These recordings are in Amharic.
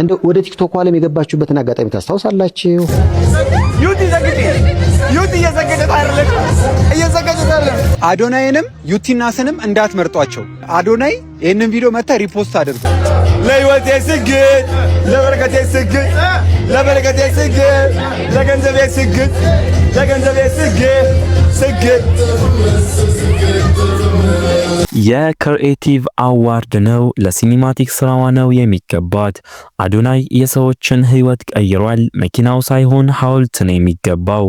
እንደ ወደ ቲክቶክ ዓለም የገባችሁበትን አጋጣሚ ታስታውሳላችሁ? ዩቲ ዘግዴ ዩቲ እየዘገደት አይደለም እየዘገደት አይደለም። አዶናይንም ዩቲናስንም እንዳትመርጧቸው። አዶናይ ይህንን ቪዲዮ መታ ሪፖስት አድርጉ። ለህይወቴ ስግድ፣ ለበረከቴ ስግድ፣ ለበረከቴ ስግድ፣ ለገንዘቤ ስግድ፣ ለገንዘቤ ስግድ የክሪኤቲቭ አዋርድ ነው። ለሲኒማቲክ ስራዋ ነው የሚገባት። አዶናይ የሰዎችን ህይወት ቀይሯል። መኪናው ሳይሆን ሐውልት ነው የሚገባው።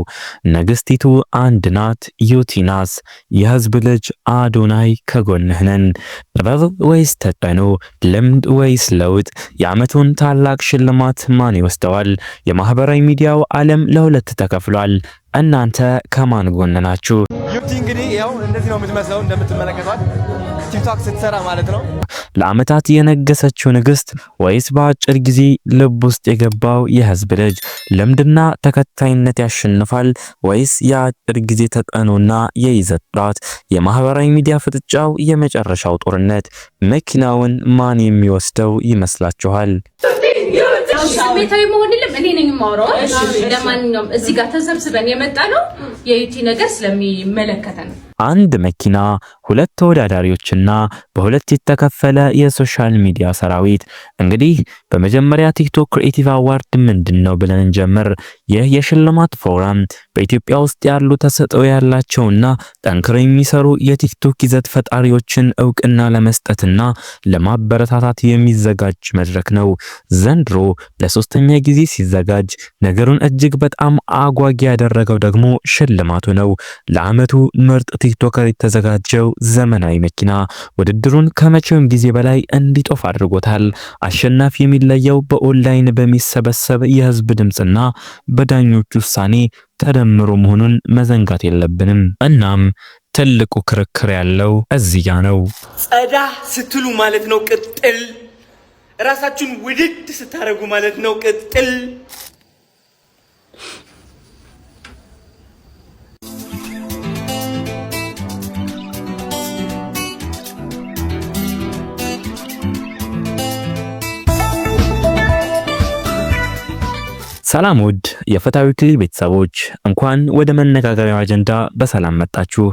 ንግስቲቱ አንድ ናት። ዩቲናስ የህዝብ ልጅ አዶናይ ከጎንህ ነን። ጥበብ ወይስ ተጠኑ? ልምድ ወይስ ለውጥ? የአመቱን ታላቅ ሽልማት ማን ይወስደዋል? የማህበራዊ ሚዲያው ዓለም ለሁለት ተከፍሏል። እናንተ ከማን ጎን ናችሁ? ትችላላችሁ። ዩቲ እንግዲህ ያው እንደዚህ ነው የምትመስለው እንደምትመለከቷት ቲክቶክ ስትሰራ ማለት ነው። ለአመታት የነገሰችው ንግስት ወይስ በአጭር ጊዜ ልብ ውስጥ የገባው የህዝብ ልጅ ልምድና ተከታይነት ያሸንፋል ወይስ የአጭር ጊዜ ተጠኖና የይዘት ጥራት? የማህበራዊ ሚዲያ ፍጥጫው የመጨረሻው ጦርነት መኪናውን ማን የሚወስደው ይመስላችኋል? ስሜታዊ መሆን የለም። እኔ ነኝ የማወራው። ለማንኛውም እዚህ ጋር ተሰብስበን የመጣ ነው የዩቲ ነገር ስለሚመለከተ ነው። አንድ መኪና፣ ሁለት ተወዳዳሪዎችና በሁለት የተከፈለ የሶሻል ሚዲያ ሰራዊት። እንግዲህ በመጀመሪያ ቲክቶክ ክሪኤቲቭ አዋርድ ምንድን ነው ብለን እንጀምር። ይህ የሽልማት ፎረም በኢትዮጵያ ውስጥ ያሉ ተሰጥኦ ያላቸውና ጠንክረው የሚሰሩ የቲክቶክ ይዘት ፈጣሪዎችን እውቅና ለመስጠትና ለማበረታታት የሚዘጋጅ መድረክ ነው። ዘንድሮ ለሶስተኛ ጊዜ ሲዘጋጅ ነገሩን እጅግ በጣም አጓጊ ያደረገው ደግሞ ሽልማቱ ነው። ለአመቱ ምርጥ ቲክቶከር የተዘጋጀው ዘመናዊ መኪና ውድድሩን ከመቼውም ጊዜ በላይ እንዲጦፍ አድርጎታል። አሸናፊ የሚለየው በኦንላይን በሚሰበሰብ የህዝብ ድምፅና በዳኞች ውሳኔ ተደምሮ መሆኑን መዘንጋት የለብንም። እናም ትልቁ ክርክር ያለው እዚያ ነው። ጸዳ ስትሉ ማለት ነው ቅጥል፣ ራሳችሁን ውድድ ስታደርጉ ማለት ነው ቅጥል ሰላም ውድ ክልል ቤተሰቦች እንኳን ወደ መነጋገሪያው አጀንዳ በሰላም መጣችሁ።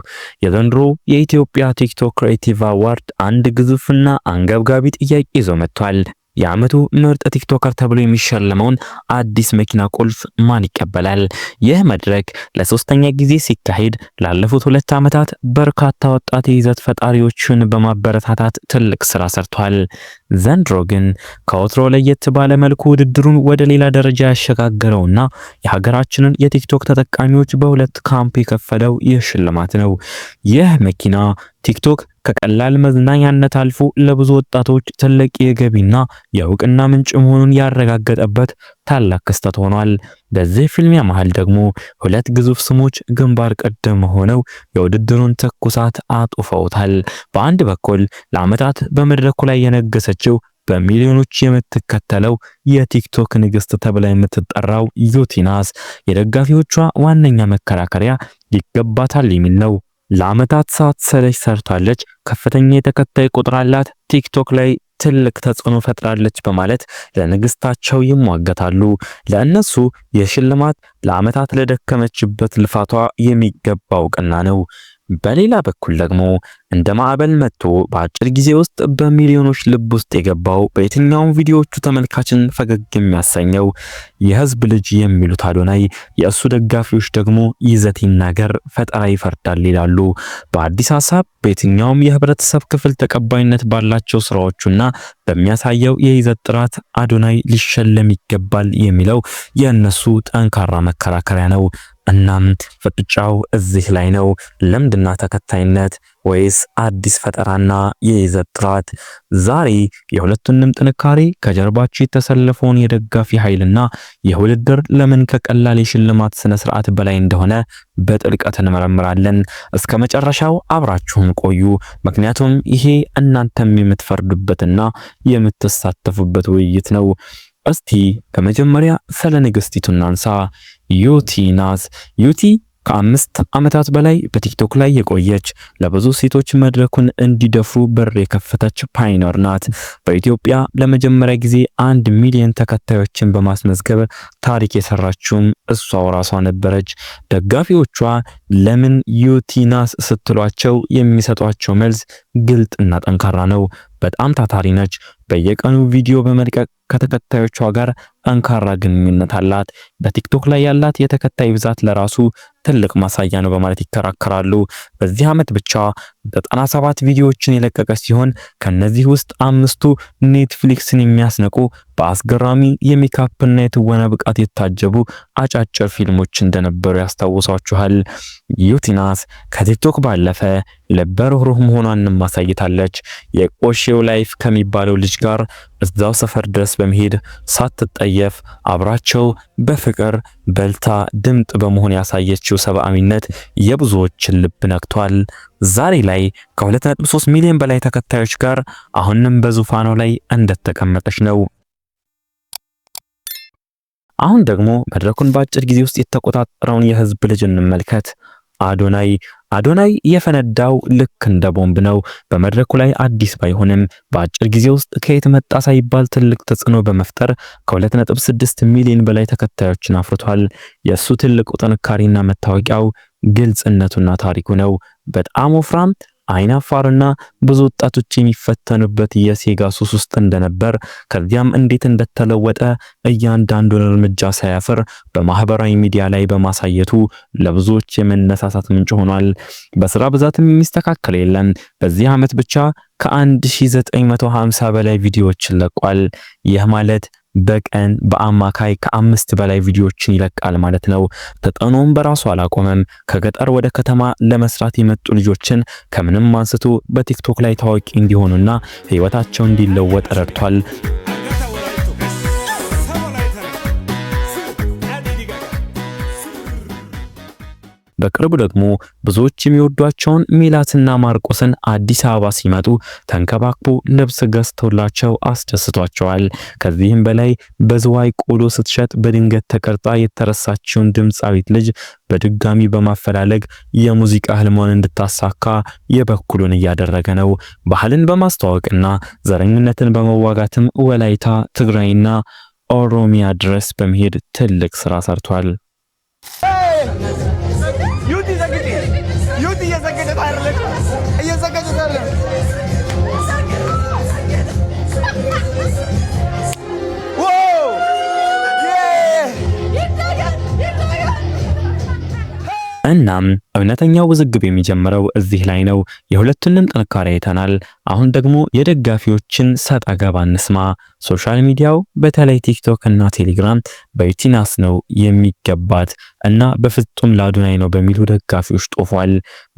የዘንድሮ የኢትዮጵያ ቲክቶክ ክሬቲቭ አዋርድ አንድ ግዙፍና አንገብጋቢ ጥያቄ ይዞ መጥቷል። የዓመቱ ምርጥ ቲክቶከር ተብሎ የሚሸለመውን አዲስ መኪና ቁልፍ ማን ይቀበላል? ይህ መድረክ ለሶስተኛ ጊዜ ሲካሄድ ላለፉት ሁለት ዓመታት በርካታ ወጣት የይዘት ፈጣሪዎችን በማበረታታት ትልቅ ስራ ሰርቷል። ዘንድሮ ግን ከወትሮ ለየት ባለ መልኩ ውድድሩን ወደ ሌላ ደረጃ ያሸጋገረውና የሀገራችንን የቲክቶክ ተጠቃሚዎች በሁለት ካምፕ የከፈለው ይህ ሽልማት ነው። ይህ መኪና ቲክቶክ ከቀላል መዝናኛነት አልፎ ለብዙ ወጣቶች ትልቅ የገቢና የእውቅና ምንጭ መሆኑን ያረጋገጠበት ታላቅ ክስተት ሆኗል። በዚህ ፍልሚያ መሃል ደግሞ ሁለት ግዙፍ ስሞች ግንባር ቀደም ሆነው የውድድሩን ትኩሳት አጡፈውታል። በአንድ በኩል ለዓመታት በመድረኩ ላይ የነገሰችው በሚሊዮኖች የምትከተለው የቲክቶክ ንግስት ተብላ የምትጠራው ዩቲናስ የደጋፊዎቿ ዋነኛ መከራከሪያ ይገባታል የሚል ነው። ሰዓት ሳትሰለች ሰርታለች። ከፍተኛ የተከታይ ቁጥር አላት። ቲክቶክ ላይ ትልቅ ተጽዕኖ ፈጥራለች በማለት ለንግስታቸው ይሟገታሉ። ለእነሱ የሽልማት ለአመታት ለደከመችበት ልፋቷ የሚገባ እውቅና ነው። በሌላ በኩል ደግሞ እንደ ማዕበል መጥቶ በአጭር ጊዜ ውስጥ በሚሊዮኖች ልብ ውስጥ የገባው በየትኛውም ቪዲዮዎቹ ተመልካችን ፈገግ የሚያሰኘው የህዝብ ልጅ የሚሉት አዶናይ የእሱ ደጋፊዎች ደግሞ ይዘት ይናገር ፈጠራ ይፈርዳል ይላሉ። በአዲስ ሀሳብ በየትኛውም የህብረተሰብ ክፍል ተቀባይነት ባላቸው ስራዎቹና በሚያሳየው የይዘት ጥራት አዶናይ ሊሸለም ይገባል የሚለው የእነሱ ጠንካራ መከራከሪያ ነው። እናም ፍጥጫው እዚህ ላይ ነው። ልምድና ተከታይነት ወይስ አዲስ ፈጠራና የይዘት ጥራት? ዛሬ የሁለቱንም ጥንካሬ፣ ከጀርባችሁ የተሰለፈውን የደጋፊ ኃይልና ይህ ውድድር ለምን ከቀላል የሽልማት ስነ ስርዓት በላይ እንደሆነ በጥልቀት እንመረምራለን። እስከ መጨረሻው አብራችሁን ቆዩ፣ ምክንያቱም ይሄ እናንተም የምትፈርዱበትና የምትሳተፉበት ውይይት ነው። እስቲ ከመጀመሪያ ስለ ንግስቲቱ እናንሳ። ዩቲ ናት። ዩቲ ከአምስት ዓመታት በላይ በቲክቶክ ላይ የቆየች ለብዙ ሴቶች መድረኩን እንዲደፍሩ በር የከፈተች ፓይነር ናት። በኢትዮጵያ ለመጀመሪያ ጊዜ አንድ ሚሊዮን ተከታዮችን በማስመዝገብ ታሪክ የሰራችውም እሷው ራሷ ነበረች። ደጋፊዎቿ ለምን ዩቲናስ ስትሏቸው የሚሰጧቸው መልስ ግልጥና ጠንካራ ነው። በጣም ታታሪ ነች። በየቀኑ ቪዲዮ በመልቀቅ ከተከታዮቿ ጋር ጠንካራ ግንኙነት አላት። በቲክቶክ ላይ ያላት የተከታይ ብዛት ለራሱ ትልቅ ማሳያ ነው በማለት ይከራከራሉ። በዚህ ዓመት ብቻ 97 ቪዲዮዎችን የለቀቀ ሲሆን ከነዚህ ውስጥ አምስቱ ኔትፍሊክስን የሚያስነቁ በአስገራሚ የሜካፕና የትወና ብቃት የታጀቡ አጫጭር ፊልሞች እንደነበሩ ያስታውሳችኋል። ዩቲናስ ከቲክቶክ ባለፈ ለበሩህሩህ መሆኗን ማሳይታለች። የቆሼው ላይፍ ከሚባለው ልጅ ጋር እዛው ሰፈር ድረስ በመሄድ ሳትጠየፍ አብራቸው በፍቅር በልታ ድምጥ በመሆን ያሳየችው ሰብአዊነት የብዙዎችን ልብ ነክቷል። ዛሬ ላይ ከ2.3 ሚሊዮን በላይ ተከታዮች ጋር አሁንም በዙፋኑ ላይ እንደተቀመጠች ነው። አሁን ደግሞ መድረኩን በአጭር ጊዜ ውስጥ የተቆጣጠረውን የህዝብ ልጅ እንመልከት። አዶናይ አዶናይ የፈነዳው ልክ እንደ ቦምብ ነው። በመድረኩ ላይ አዲስ ባይሆንም በአጭር ጊዜ ውስጥ ከየት መጣ ሳይባል ትልቅ ተጽዕኖ በመፍጠር ከ2.6 ሚሊዮን በላይ ተከታዮችን አፍርቷል። የእሱ ትልቁ ጥንካሬና መታወቂያው ግልጽነቱና ታሪኩ ነው። በጣም ወፍራም አፋርና ብዙ ወጣቶች የሚፈተኑበት የሴጋ ሱስ ውስጥ እንደነበር ከዚያም እንዴት እንደተለወጠ እያንዳንዱን እርምጃ ሳያፍር በማህበራዊ ሚዲያ ላይ በማሳየቱ ለብዙዎች የመነሳሳት ምንጭ ሆኗል። በስራ ብዛትም የሚስተካከል የለም። በዚህ ዓመት ብቻ ከ1950 በላይ ቪዲዮዎችን ለቋል። ይህ ማለት በቀን በአማካይ ከአምስት በላይ ቪዲዮዎችን ይለቃል ማለት ነው። ተጠኖም በራሱ አላቆመም። ከገጠር ወደ ከተማ ለመስራት የመጡ ልጆችን ከምንም አንስቶ በቲክቶክ ላይ ታዋቂ እንዲሆኑና ህይወታቸው እንዲለወጥ ረድቷል። በቅርቡ ደግሞ ብዙዎች የሚወዷቸውን ሚላትና ማርቆስን አዲስ አበባ ሲመጡ ተንከባክቦ ልብስ ገዝቶላቸው አስደስቷቸዋል። ከዚህም በላይ በዝዋይ ቆሎ ስትሸጥ በድንገት ተቀርጣ የተረሳችውን ድምፃዊት ልጅ በድጋሚ በማፈላለግ የሙዚቃ ህልሟን እንድታሳካ የበኩሉን እያደረገ ነው። ባህልን በማስተዋወቅና ዘረኝነትን በመዋጋትም ወላይታ፣ ትግራይና ኦሮሚያ ድረስ በመሄድ ትልቅ ስራ ሰርቷል። እየዘገጅታለን እናም እውነተኛው ውዝግብ የሚጀምረው እዚህ ላይ ነው። የሁለቱንም ጥንካሬ አይተናል። አሁን ደግሞ የደጋፊዎችን ሰጣ ገባ እንስማ። ሶሻል ሚዲያው በተለይ ቲክቶክ እና ቴሌግራም በዩቲናስ ነው የሚገባት እና በፍጹም ላዱናይ ነው በሚሉ ደጋፊዎች ጦፏል።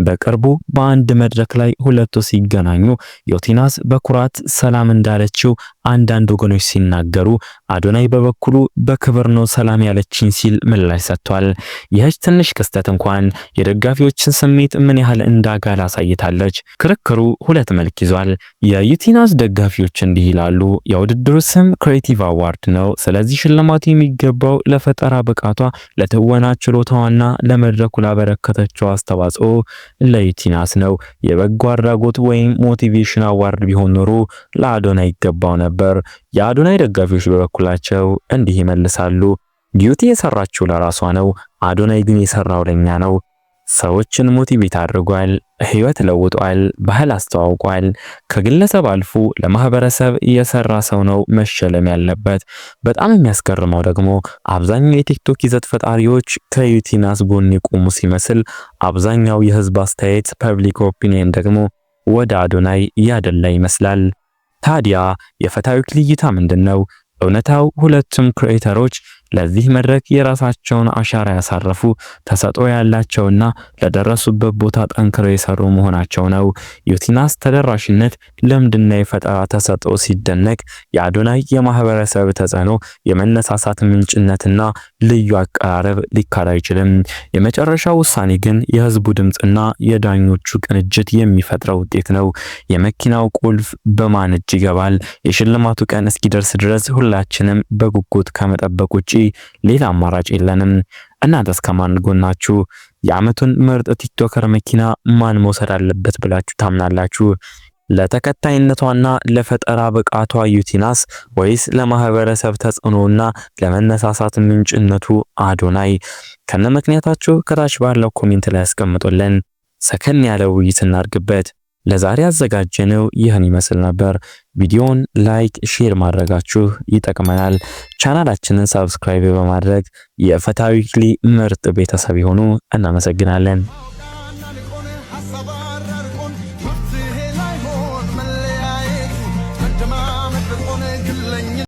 በቅርቡ በአንድ መድረክ ላይ ሁለቱ ሲገናኙ ዩቲናስ በኩራት ሰላም እንዳለችው አንዳንድ ወገኖች ሲናገሩ፣ አዶናይ በበኩሉ በክብር ነው ሰላም ያለችኝ ሲል ምላሽ ሰጥቷል። ይህች ትንሽ ክስተት እንኳን የደጋ የደጋፊዎችን ስሜት ምን ያህል እንዳጋል አሳይታለች። ክርክሩ ሁለት መልክ ይዟል። የዩቲናስ ደጋፊዎች እንዲህ ይላሉ፣ የውድድሩ ስም ክሬቲቭ አዋርድ ነው። ስለዚህ ሽልማቱ የሚገባው ለፈጠራ ብቃቷ፣ ለትወና ችሎታዋና ለመድረኩ ላበረከተችው አስተዋጽኦ ለዩቲናስ ነው። የበጎ አድራጎት ወይም ሞቲቬሽን አዋርድ ቢሆን ኖሮ ለአዶና ይገባው ነበር። የአዶናይ ደጋፊዎች በበኩላቸው እንዲህ ይመልሳሉ። ቢዩቲ የሰራችው ለራሷ ነው፣ አዶናይ ግን የሰራው ለኛ ነው። ሰዎችን ሞቲቬት አድርጓል፣ ህይወት ለውጧል፣ ባህል አስተዋውቋል። ከግለሰብ አልፎ ለማህበረሰብ እየሰራ ሰው ነው መሸለም ያለበት። በጣም የሚያስገርመው ደግሞ አብዛኛው የቲክቶክ ይዘት ፈጣሪዎች ከዩቲናስ ጎን የቆሙ ሲመስል፣ አብዛኛው የህዝብ አስተያየት ፐብሊክ ኦፒኒየን ደግሞ ወደ አዶናይ ያደላ ይመስላል። ታዲያ የፈታዊ እይታ ምንድን ነው? እውነታው ሁለቱም ክሬተሮች ለዚህ መድረክ የራሳቸውን አሻራ ያሳረፉ ተሰጦ ያላቸውና ለደረሱበት ቦታ ጠንክረው የሰሩ መሆናቸው ነው። ዩቲናስ ተደራሽነት፣ ልምድና የፈጠራ ተሰጦ ሲደነቅ የአዶናይ የማህበረሰብ ተጽዕኖ፣ የመነሳሳት ምንጭነትና ልዩ አቀራረብ ሊካድ አይችልም። የመጨረሻው ውሳኔ ግን የህዝቡ ድምፅና የዳኞቹ ቅንጅት የሚፈጥረው ውጤት ነው። የመኪናው ቁልፍ በማን እጅ ይገባል? የሽልማቱ ቀን እስኪደርስ ድረስ ሁላችንም በጉጉት ከመጠበቅ ውጭ ሌላ አማራጭ የለንም። እናንተስ ከማን ናችሁ? የአመቱን ምርጥ ቲክቶከር መኪና ማን መውሰድ አለበት ብላችሁ ታምናላችሁ? ለተከታይነቷና ለፈጠራ ብቃቷ ዩቲናስ ወይስ ለማህበረሰብ ተጽዕኖና ለመነሳሳት ምንጭነቱ አዶናይ? ከነ ምክንያታችሁ ከታች ባለው ኮሜንት ላይ ያስቀምጡልን። ሰከን ያለ ውይይት እናድርግበት። ለዛሬ ያዘጋጀነው ይህን ይመስል ነበር። ቪዲዮን ላይክ፣ ሼር ማድረጋችሁ ይጠቅመናል። ቻናላችንን ሰብስክራይብ በማድረግ የፈታ ዊክሊ ምርጥ ቤተሰብ የሆኑ እናመሰግናለን።